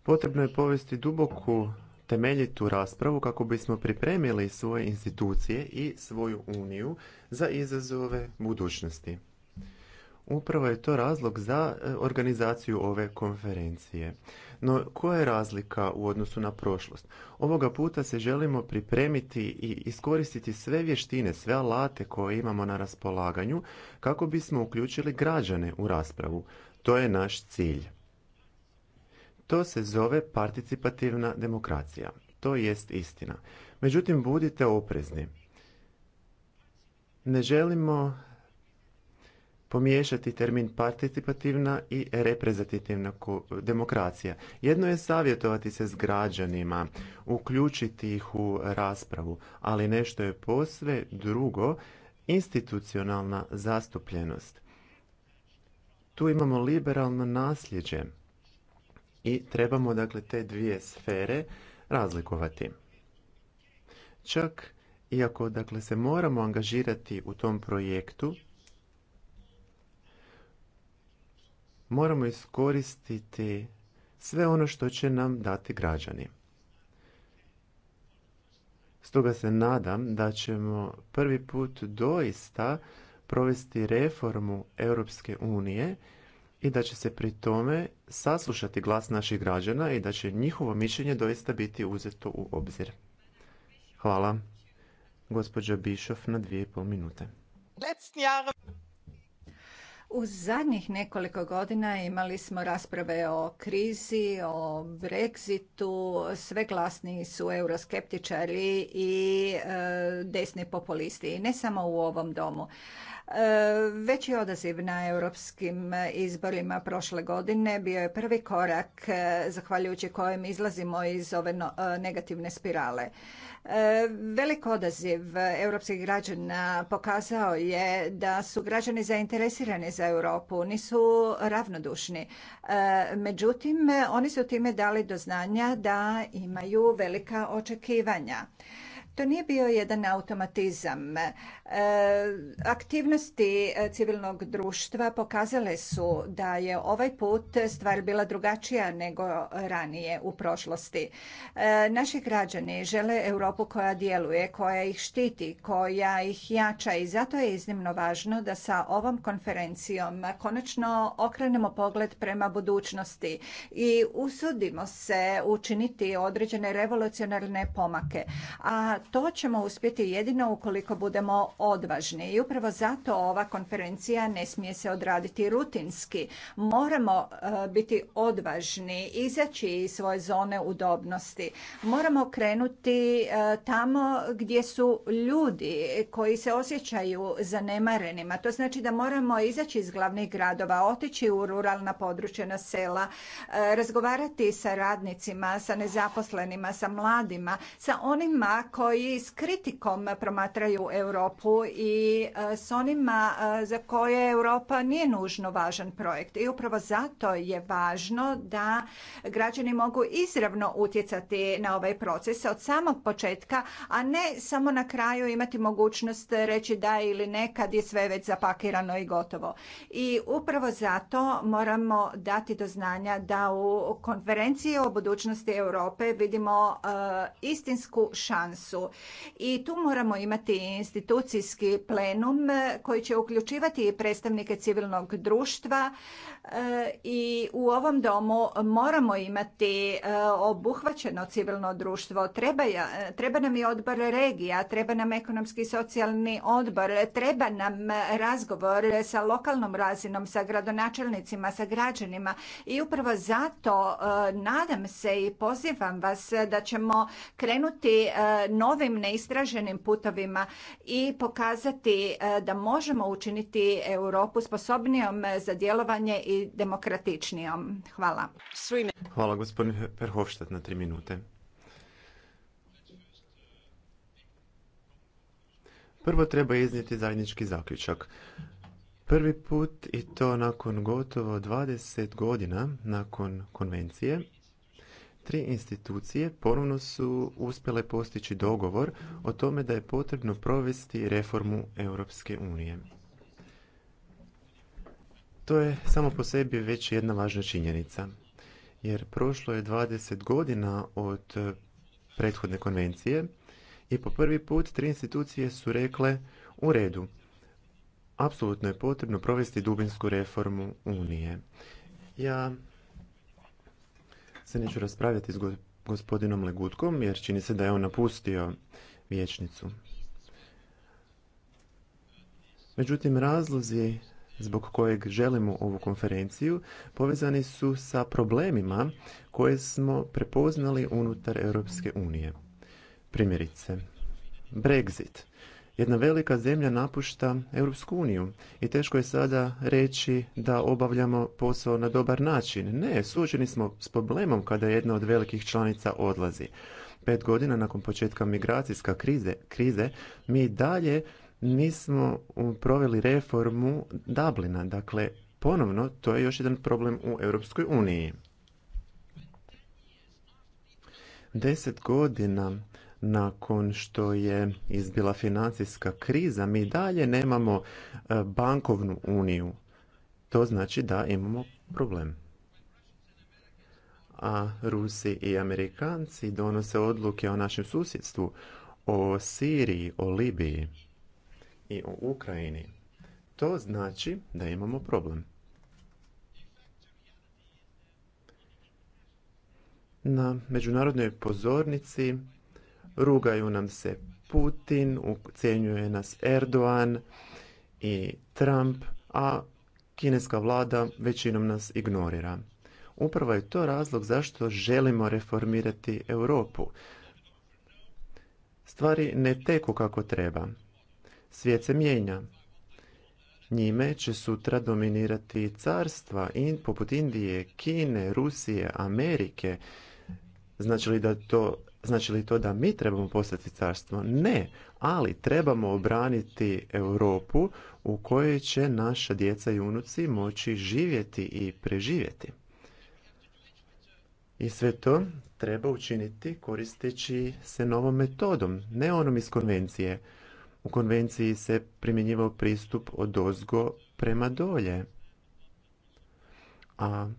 Potrebno je povesti duboku temeljitu raspravu kako bismo pripremili svoje institucije i svoju Uniju za izazove budućnosti. Upravo je to razlog za e, organizaciju ove konferencije. No koja je razlika u odnosu na prošlost? Ovoga puta se želimo pripremiti i iskoristiti sve vještine, sve alate koje imamo na raspolaganju kako bismo uključili građane u raspravu. To je naš cilj. To se zove participativna demokracija. To jest istina. Međutim budite oprezni. Ne želimo pomiješati termin participativna i reprezentativna demokracija. Jedno je savjetovati se s građanima, uključiti ih u raspravu, ali nešto je posve drugo institucionalna zastupljenost. Tu imamo liberalno nasljeđe i trebamo dakle te dvije sfere razlikovati. Čak iako dakle se moramo angažirati u tom projektu, moramo iskoristiti sve ono što će nam dati građani. Stoga se nadam da ćemo prvi put doista provesti reformu Europske unije i da će se pri tome saslušati glas naših građana i da će njihovo mišljenje doista biti uzeto u obzir. Hvala. Gospođa Bišov na dvije i pol minute. U zadnjih nekoliko godina imali smo rasprave o krizi, o Brexitu, sve glasniji su euroskeptičari i e, desni populisti, i ne samo u ovom domu. Veći odaziv na europskim izborima prošle godine bio je prvi korak e, zahvaljujući kojem izlazimo iz ove e, negativne spirale. E, velik odaziv europskih građana pokazao je da su građani zainteresirani za Europu, nisu ravnodušni. Međutim, oni su time dali do znanja da imaju velika očekivanja. To nije bio jedan automatizam. E, aktivnosti e, civilnog društva pokazale su da je ovaj put stvar bila drugačija nego ranije u prošlosti. E, naši građani žele Europu koja djeluje, koja ih štiti, koja ih jača i zato je iznimno važno da sa ovom konferencijom konačno okrenemo pogled prema budućnosti i usudimo se učiniti određene revolucionarne pomake. A to ćemo uspjeti jedino ukoliko budemo odvažni. I upravo zato ova konferencija ne smije se odraditi rutinski. Moramo e, biti odvažni, izaći iz svoje zone udobnosti. Moramo krenuti e, tamo gdje su ljudi koji se osjećaju zanemarenima. To znači da moramo izaći iz glavnih gradova, otići u ruralna područja, na sela, e, razgovarati sa radnicima, sa nezaposlenima, sa mladima, sa onima koji i s kritikom promatraju Europu i e, s onima e, za koje Europa nije nužno važan projekt. I upravo zato je važno da građani mogu izravno utjecati na ovaj proces od samog početka, a ne samo na kraju imati mogućnost reći da ili ne kad je sve već zapakirano i gotovo. I upravo zato moramo dati do znanja da u konferenciji o budućnosti Europe vidimo e, istinsku šansu i tu moramo imati institucijski plenum eh, koji će uključivati i predstavnike civilnog društva, i u ovom domu moramo imati e, obuhvaćeno civilno društvo. Treba, treba nam i odbor regija, treba nam ekonomski i socijalni odbor, treba nam razgovor sa lokalnom razinom, sa gradonačelnicima, sa građanima i upravo zato e, nadam se i pozivam vas da ćemo krenuti e, novim neistraženim putovima i pokazati da možemo učiniti Europu sposobnijom za djelovanje i demokratičnijom. Hvala. Hvala gospodin na tri minute. Prvo treba iznijeti zajednički zaključak. Prvi put i to nakon gotovo 20 godina nakon konvencije, tri institucije ponovno su uspjele postići dogovor o tome da je potrebno provesti reformu Europske unije. To je samo po sebi već jedna važna činjenica. Jer prošlo je 20 godina od eh, prethodne konvencije i po prvi put tri institucije su rekle u redu. Apsolutno je potrebno provesti dubinsku reformu Unije. Ja se neću raspravljati s gospodinom Legutkom jer čini se da je on napustio vječnicu. Međutim, razlozi zbog kojeg želimo ovu konferenciju povezani su sa problemima koje smo prepoznali unutar Europske unije. Primjerice, Brexit. Jedna velika zemlja napušta Europsku uniju i teško je sada reći da obavljamo posao na dobar način. Ne, suočeni smo s problemom kada jedna od velikih članica odlazi. Pet godina nakon početka migracijska krize, krize mi dalje mi smo proveli reformu Dublina. Dakle, ponovno, to je još jedan problem u Europskoj uniji. Deset godina nakon što je izbila financijska kriza, mi dalje nemamo e, bankovnu uniju. To znači da imamo problem. A Rusi i Amerikanci donose odluke o našem susjedstvu, o Siriji, o Libiji i u Ukrajini, to znači da imamo problem. Na međunarodnoj pozornici rugaju nam se Putin, ucijenjuje nas Erdogan i Trump, a kineska vlada većinom nas ignorira. Upravo je to razlog zašto želimo reformirati Europu. Stvari ne teku kako treba. Svijet se mijenja. Njime će sutra dominirati carstva in, poput Indije, Kine, Rusije, Amerike. Znači li da to Znači li to da mi trebamo postati carstvo? Ne, ali trebamo obraniti Europu u kojoj će naša djeca i unuci moći živjeti i preživjeti. I sve to treba učiniti koristeći se novom metodom, ne onom iz konvencije, u konvenciji se primjenjivao pristup od ozgo prema dolje. A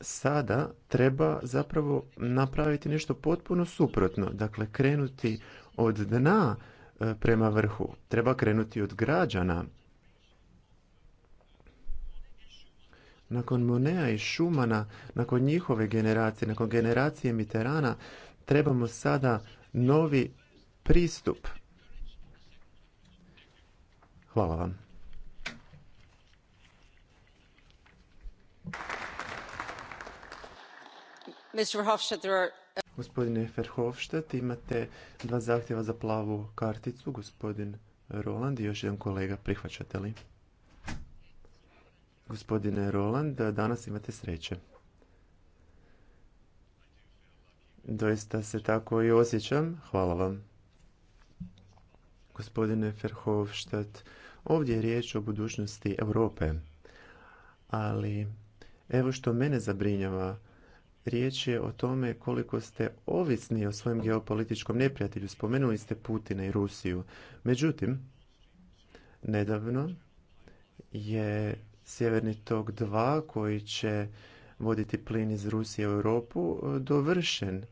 sada treba zapravo napraviti nešto potpuno suprotno. Dakle, krenuti od dna e, prema vrhu. Treba krenuti od građana nakon Monea i Šumana, nakon njihove generacije, nakon generacije Mitterana, trebamo sada novi pristup. Hvala vam. Gospodine Verhofstadt, imate dva zahtjeva za plavu karticu. Gospodin Roland i još jedan kolega, prihvaćate li? Gospodine Roland, danas imate sreće. Doista se tako i osjećam. Hvala vam. Gospodine Verhofstadt, ovdje je riječ o budućnosti Europe. Ali evo što mene zabrinjava. Riječ je o tome koliko ste ovisni o svojem geopolitičkom neprijatelju. Spomenuli ste Putina i Rusiju. Međutim, nedavno je Sjeverni tok 2 koji će voditi plin iz Rusije u Europu e, dovršen.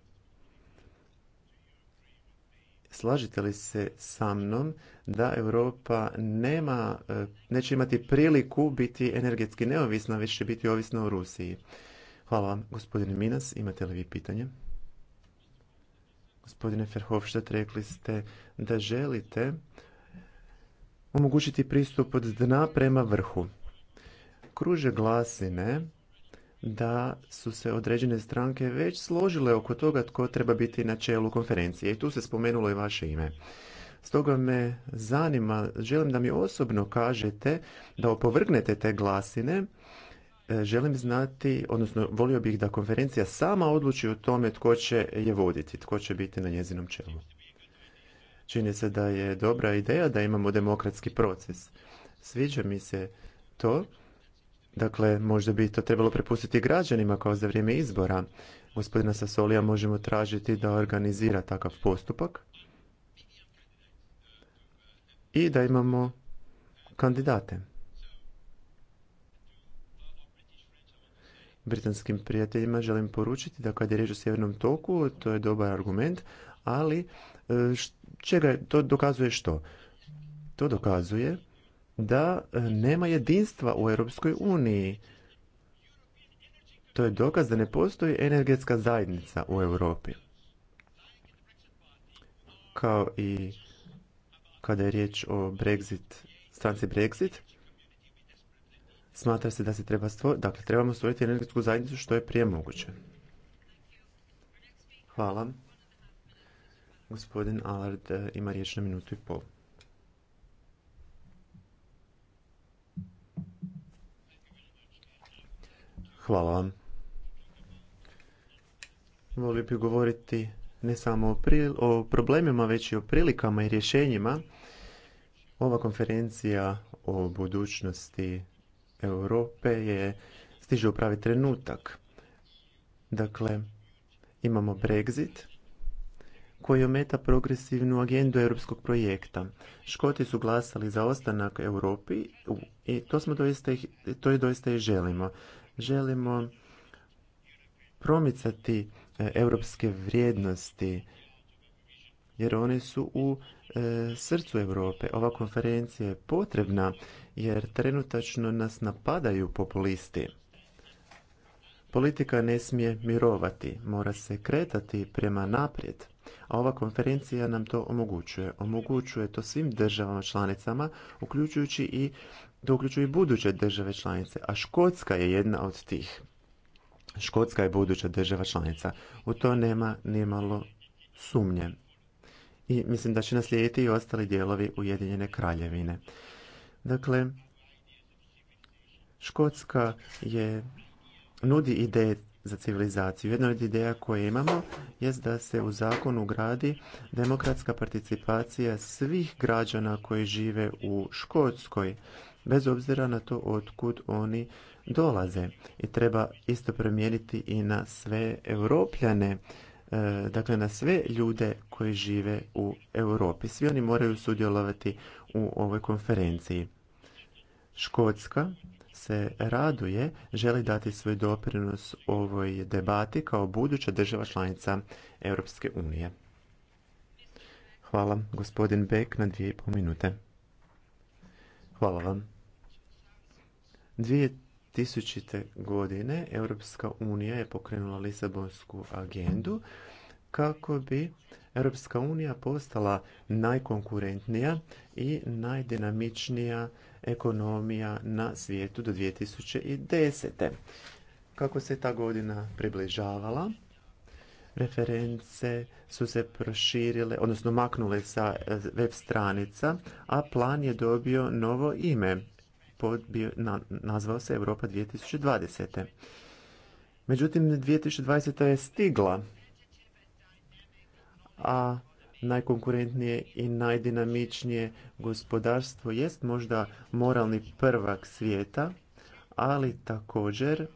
Slažite li se sa mnom da Europa nema, e, neće imati priliku biti energetski neovisna, već će biti ovisna o Rusiji? Hvala vam, gospodine Minas. Imate li vi pitanje? Gospodine Ferhofštad, rekli ste da želite omogućiti pristup od dna prema vrhu kruže glasine da su se određene stranke već složile oko toga tko treba biti na čelu konferencije i tu se spomenulo i vaše ime. Stoga me zanima, želim da mi osobno kažete da opovrgnete te glasine. E, želim znati, odnosno volio bih da konferencija sama odluči o tome tko će je voditi, tko će biti na njezinom čelu. Čini se da je dobra ideja da imamo demokratski proces. Sviđa mi se to Dakle, možda bi to trebalo prepustiti građanima kao za vrijeme izbora. Gospodina Sasolija možemo tražiti da organizira takav postupak i da imamo kandidate. Britanskim prijateljima želim poručiti da kad je riječ o sjevernom toku, to je dobar argument, ali e, čega to dokazuje što? To dokazuje da e, nema jedinstva u Europskoj uniji. To je dokaz da ne postoji energetska zajednica u Europi. Kao i kada je riječ o Brexit, stranci Brexit, smatra se da se treba stvoriti, dakle trebamo stvoriti energetsku zajednicu što je prije moguće. Hvala. Gospodin Allard e, ima riječ na minutu i pol. Hvala vam. Volio bi govoriti ne samo o, problemima, već i o prilikama i rješenjima. Ova konferencija o budućnosti Europe je stiže u pravi trenutak. Dakle, imamo Brexit koji ometa progresivnu agendu europskog projekta. Škoti su glasali za ostanak Europi i to, smo doista, to je doista i želimo želimo promicati e, europske vrijednosti jer one su u e, srcu Europe. Ova konferencija je potrebna jer trenutačno nas napadaju populisti. Politika ne smije mirovati, mora se kretati prema naprijed. A ova konferencija nam to omogućuje. Omogućuje to svim državama članicama, uključujući i da uključuju i buduće države članice, a Škotska je jedna od tih. Škotska je buduća država članica. U to nema nimalo sumnje. I mislim da će naslijediti i ostali dijelovi Ujedinjene kraljevine. Dakle, Škotska je nudi ideje za civilizaciju. Jedna od ideja koje imamo jest da se u zakonu ugradi demokratska participacija svih građana koji žive u Škotskoj bez obzira na to otkud oni dolaze. I treba isto promijeniti i na sve europljane, e, dakle na sve ljude koji žive u Europi. Svi oni moraju sudjelovati u ovoj konferenciji. Škotska se raduje, želi dati svoj doprinos ovoj debati kao buduća država članica Europske unije. Hvala, gospodin Beck, na dvije i pol minute. Hvala vam. 2000. godine Europska unija je pokrenula Lisabonsku agendu kako bi Europska unija postala najkonkurentnija i najdinamičnija ekonomija na svijetu do 2010. Kako se ta godina približavala, reference su se proširile, odnosno maknule sa web stranica, a plan je dobio novo ime pod, bio, na, nazvao se Europa 2020. Međutim, 2020. je stigla, a najkonkurentnije i najdinamičnije gospodarstvo jest možda moralni prvak svijeta, ali također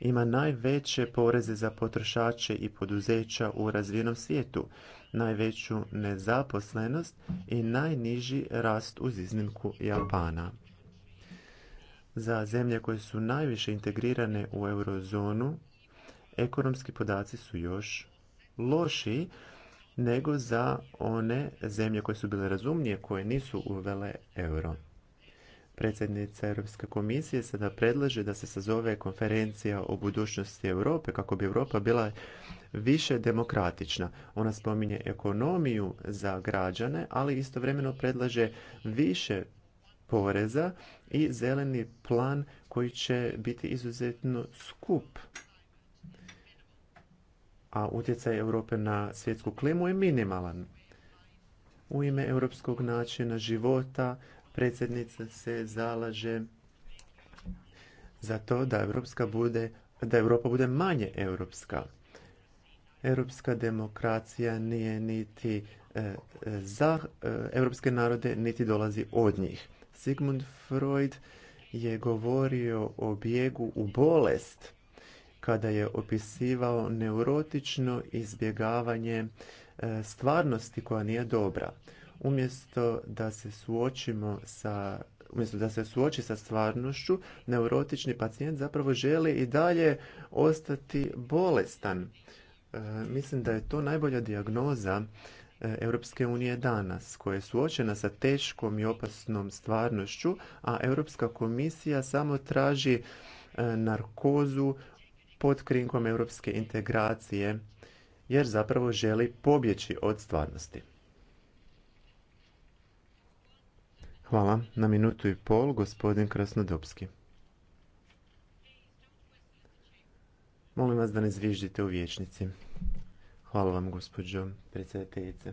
ima najveće poreze za potrošače i poduzeća u razvijenom svijetu, najveću nezaposlenost i najniži rast uz iznimku Japana. Za zemlje koje su najviše integrirane u eurozonu, ekonomski podaci su još lošiji nego za one zemlje koje su bile razumnije koje nisu uvele euro. Predsjednica Europske komisije sada predlaže da se sazove konferencija o budućnosti Europe kako bi Europa bila više demokratična. Ona spominje ekonomiju za građane, ali istovremeno predlaže više poreza i zeleni plan koji će biti izuzetno skup. A utjecaj Europe na svjetsku klimu je minimalan. U ime europskog načina života Predsjednica se zalaže za to da Europska bude, da Europa bude manje europska. Europska demokracija nije niti e, za europske narode, niti dolazi od njih. Sigmund Freud je govorio o bjegu u bolest kada je opisivao neurotično izbjegavanje e, stvarnosti koja nije dobra umjesto da se suočimo sa umjesto da se suoči sa stvarnošću, neurotični pacijent zapravo želi i dalje ostati bolestan. E, mislim da je to najbolja dijagnoza e, Europske unije danas, koja je suočena sa teškom i opasnom stvarnošću, a Europska komisija samo traži e, narkozu pod krinkom europske integracije, jer zapravo želi pobjeći od stvarnosti. Hvala. Na minutu i pol, gospodin Krasnodopski. Molim vas da ne zviždite u vječnici. Hvala vam, gospođo predsjedateljice.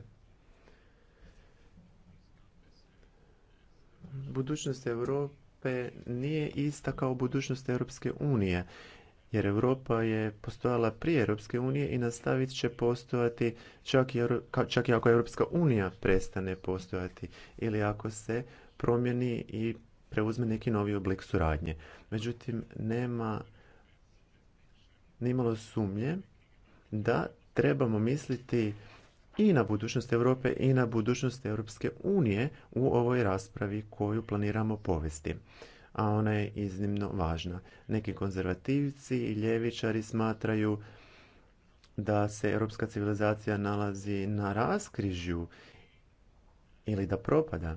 Budućnost Europe nije ista kao budućnost Europske unije, jer Europa je postojala prije Europske unije i nastavit će postojati čak i, čak i ako Europska unija prestane postojati ili ako se promjeni i preuzme neki novi oblik suradnje. Međutim, nema nimalo sumnje da trebamo misliti i na budućnost Europe i na budućnost Europske unije u ovoj raspravi koju planiramo povesti. A ona je iznimno važna. Neki konzervativci i ljevičari smatraju da se europska civilizacija nalazi na raskrižju ili da propada.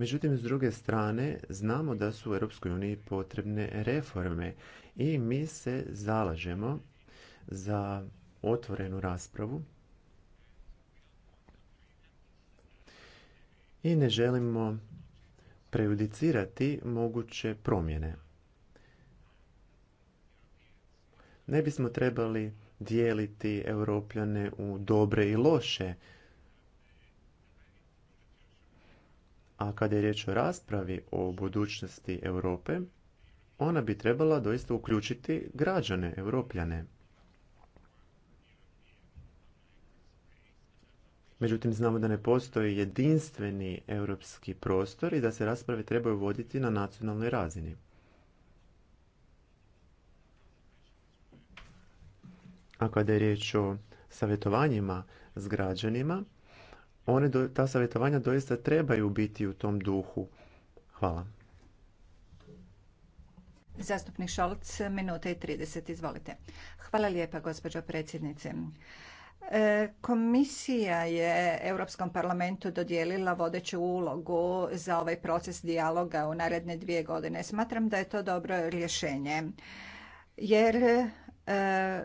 Međutim, s druge strane, znamo da su u Europskoj uniji potrebne reforme i mi se zalažemo za otvorenu raspravu i ne želimo prejudicirati moguće promjene. Ne bismo trebali dijeliti europljane u dobre i loše A kada je riječ o raspravi o budućnosti Europe, ona bi trebala doista uključiti građane, europljane. Međutim, znamo da ne postoji jedinstveni europski prostor i da se rasprave trebaju voditi na nacionalnoj razini. A kada je riječ o savjetovanjima s građanima, one do, ta savjetovanja doista trebaju biti u tom duhu. Hvala. Zastupnik Šolc, minuta i 30, izvolite. Hvala lijepa, gospođo predsjednice. E, komisija je Europskom parlamentu dodijelila vodeću ulogu za ovaj proces dijaloga u naredne dvije godine. Smatram da je to dobro rješenje, jer e,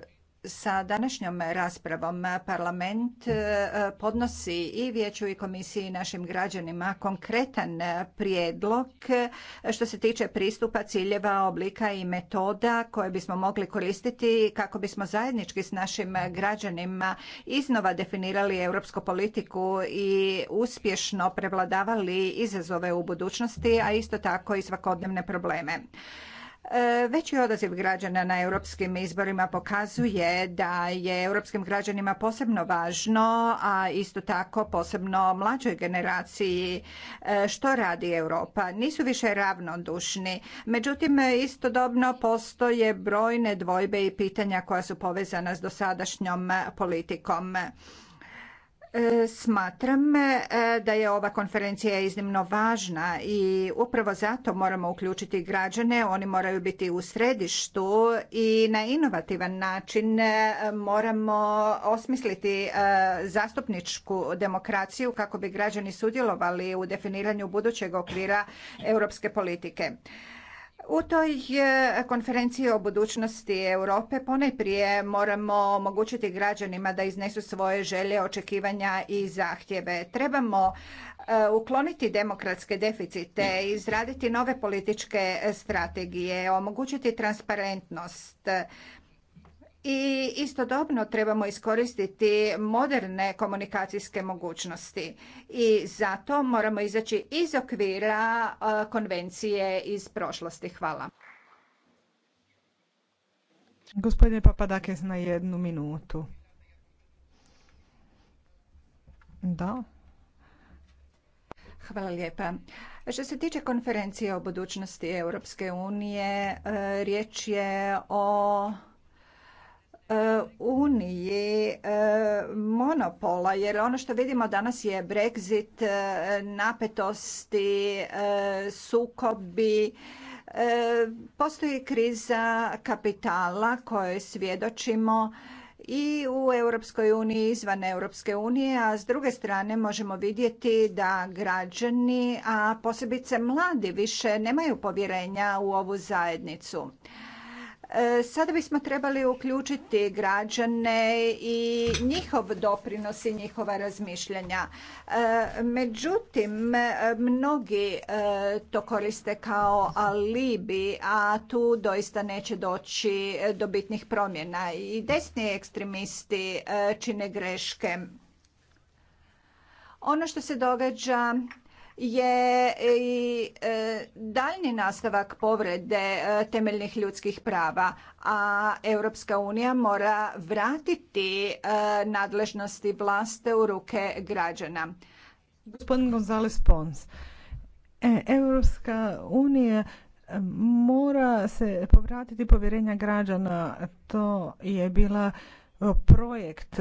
sa današnjom raspravom parlament e, podnosi i vijeću i komisiji našim građanima konkretan prijedlog što se tiče pristupa ciljeva, oblika i metoda koje bismo mogli koristiti kako bismo zajednički s našim građanima iznova definirali europsku politiku i uspješno prevladavali izazove u budućnosti, a isto tako i svakodnevne probleme. E, veći odaziv građana na europskim izborima pokazuje da je europskim građanima posebno važno, a isto tako posebno mlađoj generaciji e, što radi Europa. Nisu više ravnodušni. Međutim, istodobno postoje brojne dvojbe i pitanja koja su povezana s dosadašnjom politikom. E, smatram e, da je ova konferencija iznimno važna i upravo zato moramo uključiti građane, oni moraju biti u središtu i na inovativan način e, moramo osmisliti zastupničku demokraciju kako bi građani sudjelovali u definiranju budućeg okvira europske politike. U toj konferenciji o budućnosti Europe prije moramo omogućiti građanima da iznesu svoje želje, očekivanja i zahtjeve. Trebamo e, ukloniti demokratske deficite, izraditi nove političke strategije, omogućiti transparentnost, i istodobno trebamo iskoristiti moderne komunikacijske mogućnosti i zato moramo izaći iz okvira e, konvencije iz prošlosti. Hvala. Gospodine Papadakis na jednu minutu. Da. Hvala lijepa. Što se tiče konferencije o budućnosti Europske unije, e, riječ je o E, uniji e, monopola, jer ono što vidimo danas je Brexit, e, napetosti, sukobi, postoji kriza kapitala koje svjedočimo i u Europskoj uniji, izvan Europske unije, a s druge strane možemo vidjeti da građani, a posebice mladi više nemaju povjerenja u ovu zajednicu. E, sada bismo trebali uključiti građane i njihov doprinos i njihova razmišljanja. E, međutim, mnogi e, to koriste kao alibi, a tu doista neće doći do bitnih promjena. I desni ekstremisti čine greške. Ono što se događa je i e, daljni nastavak povrede e, temeljnih ljudskih prava, a Europska unija mora vratiti e, nadležnosti vlaste u ruke građana. Gospodin Gonzales Pons, Europska unija mora se povratiti povjerenja građana. To je bila projekt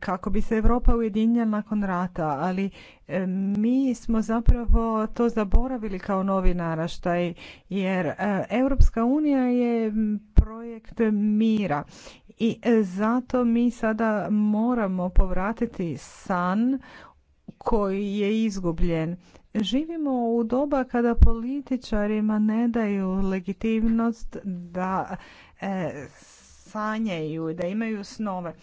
kako bi se Europa ujedinila nakon rata, ali e, mi smo zapravo to zaboravili kao novi naraštaj, jer e, Europska unija je projekt mira i e, zato mi sada moramo povratiti san koji je izgubljen. Živimo u doba kada političarima ne daju legitimnost da sanjaju, da imaju snove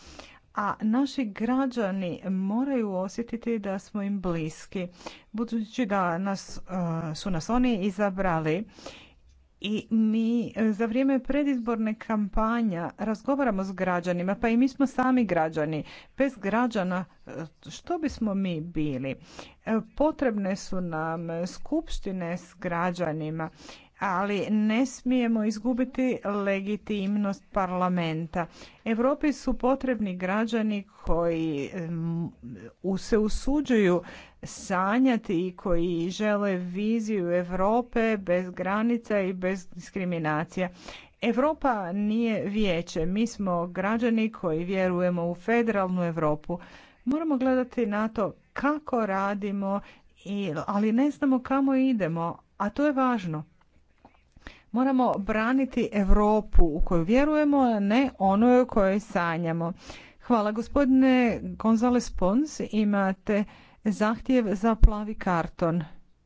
a naši građani moraju osjetiti da smo im bliski. Budući da nas, e, su nas oni izabrali i mi e, za vrijeme predizborne kampanja razgovaramo s građanima, pa i mi smo sami građani. Bez građana e, što bismo mi bili? Potrebne su nam skupštine s građanima ali ne smijemo izgubiti legitimnost parlamenta. Europi su potrebni građani koji se usuđuju sanjati i koji žele viziju Europe bez granica i bez diskriminacija. Europa nije vijeće, mi smo građani koji vjerujemo u federalnu Europu. Moramo gledati na to kako radimo, ali ne znamo kamo idemo, a to je važno. Moramo braniti Europu u koju vjerujemo, a ne onu u kojoj sanjamo. Hvala gospodine Gonzales Pons, imate zahtjev za plavi karton.